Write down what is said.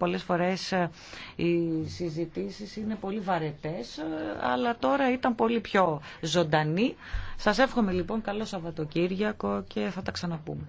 Πολλές φορές ε, οι συζητήσεις είναι πολύ βαρετές, ε, αλλά τώρα ήταν πολύ πιο ζωντανή. Σας εύχομαι λοιπόν καλό Σαββατοκύριακο και θα τα ξαναπούμε.